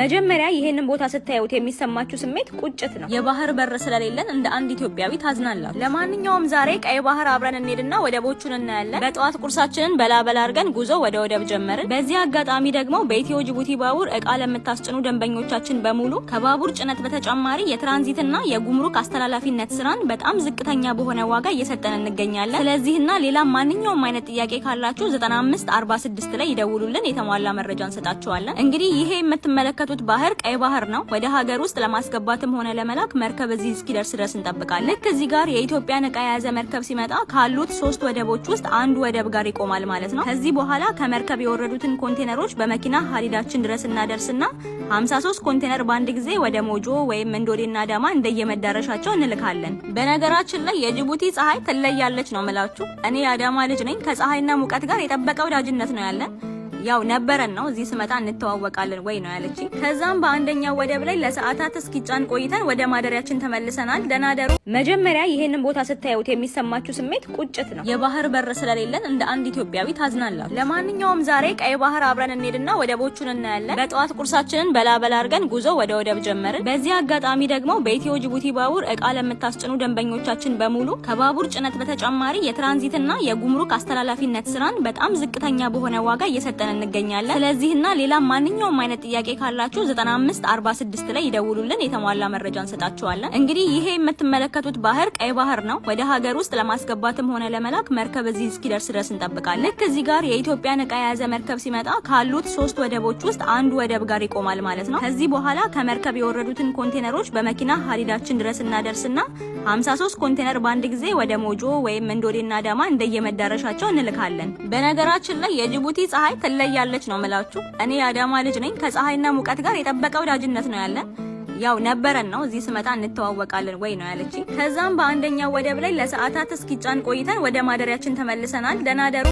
መጀመሪያ ይሄንን ቦታ ስታዩት የሚሰማችሁ ስሜት ቁጭት ነው። የባህር በር ስለሌለን እንደ አንድ ኢትዮጵያዊ ታዝናላችሁ። ለማንኛውም ዛሬ ቀይ ባህር አብረን እንሄድና ወደቦቹን እናያለን። በጠዋት ቁርሳችንን በላበላ አድርገን ጉዞ ወደ ወደብ ጀመርን። በዚህ አጋጣሚ ደግሞ በኢትዮ ጅቡቲ ባቡር እቃ ለምታስጭኑ ደንበኞቻችን በሙሉ ከባቡር ጭነት በተጨማሪ የትራንዚትና የጉምሩክ አስተላላፊነት ስራን በጣም ዝቅተኛ በሆነ ዋጋ እየሰጠን እንገኛለን። ስለዚህና ሌላ ማንኛውም አይነት ጥያቄ ካላችሁ 9546 ላይ ይደውሉልን፣ የተሟላ መረጃ እንሰጣችኋለን። እንግዲህ ይሄ የምትመለከ የምትመለከቱት ባህር ቀይ ባህር ነው። ወደ ሀገር ውስጥ ለማስገባትም ሆነ ለመላክ መርከብ እዚህ እስኪደርስ ድረስ እንጠብቃለን። ልክ እዚህ ጋር የኢትዮጵያን እቃ የያዘ መርከብ ሲመጣ ካሉት ሶስት ወደቦች ውስጥ አንዱ ወደብ ጋር ይቆማል ማለት ነው። ከዚህ በኋላ ከመርከብ የወረዱትን ኮንቴነሮች በመኪና ሀዲዳችን ድረስ እናደርስና 53 ኮንቴነር በአንድ ጊዜ ወደ ሞጆ ወይም እንዶዴና ዳማ እንደየመዳረሻቸው እንልካለን። በነገራችን ላይ የጅቡቲ ፀሐይ ትለያለች ነው ምላችሁ። እኔ የአዳማ ልጅ ነኝ። ከፀሐይና ሙቀት ጋር የጠበቀ ወዳጅነት ነው ያለን። ያው ነበረን ነው እዚህ ስመጣ እንተዋወቃለን ወይ ነው ያለች። ከዛም በአንደኛው ወደብ ላይ ለሰዓታት እስኪጫን ቆይተን ወደ ማደሪያችን ተመልሰናል። ደናደሩ መጀመሪያ ይሄንን ቦታ ስታዩት የሚሰማችሁ ስሜት ቁጭት ነው። የባህር በር ስለሌለን እንደ አንድ ኢትዮጵያዊ ታዝናላችሁ። ለማንኛውም ዛሬ ቀይ ባህር አብረን እንሄድና ወደቦቹን እናያለን። በጠዋት ቁርሳችንን በላበላ አድርገን ጉዞ ወደ ወደብ ጀመርን። በዚህ አጋጣሚ ደግሞ በኢትዮ ጅቡቲ ባቡር እቃ ለምታስጭኑ ደንበኞቻችን በሙሉ ከባቡር ጭነት በተጨማሪ የትራንዚትና የጉምሩክ አስተላላፊነት ስራን በጣም ዝቅተኛ በሆነ ዋጋ እየሰጠነ ሆነን እንገኛለን። ስለዚህና ሌላ ማንኛውም አይነት ጥያቄ ካላችሁ 9546 ላይ ይደውሉልን፣ የተሟላ መረጃ እንሰጣችኋለን። እንግዲህ ይሄ የምትመለከቱት ባህር ቀይ ባህር ነው። ወደ ሀገር ውስጥ ለማስገባትም ሆነ ለመላክ መርከብ እዚህ እስኪደርስ ድረስ እንጠብቃለን። ልክ እዚህ ጋር የኢትዮጵያን እቃ የያዘ መርከብ ሲመጣ ካሉት ሶስት ወደቦች ውስጥ አንዱ ወደብ ጋር ይቆማል ማለት ነው። ከዚህ በኋላ ከመርከብ የወረዱትን ኮንቴነሮች በመኪና ሀዲዳችን ድረስ እናደርስና 53 ኮንቴነር በአንድ ጊዜ ወደ ሞጆ ወይም እንዶዴና አዳማ እንደየመዳረሻቸው እንልካለን። በነገራችን ላይ የጅቡቲ ፀሐይ ትለያለች ነው ምላችሁ። እኔ የአዳማ ልጅ ነኝ። ከፀሐይና ሙቀት ጋር የጠበቀ ወዳጅነት ነው ያለን። ያው ነበረን ነው እዚህ ስመጣ እንተዋወቃለን ወይ ነው ያለች። ከዛም በአንደኛው ወደብ ላይ ለሰዓታት እስኪጫን ቆይተን ወደ ማደሪያችን ተመልሰናል። ደናደሩ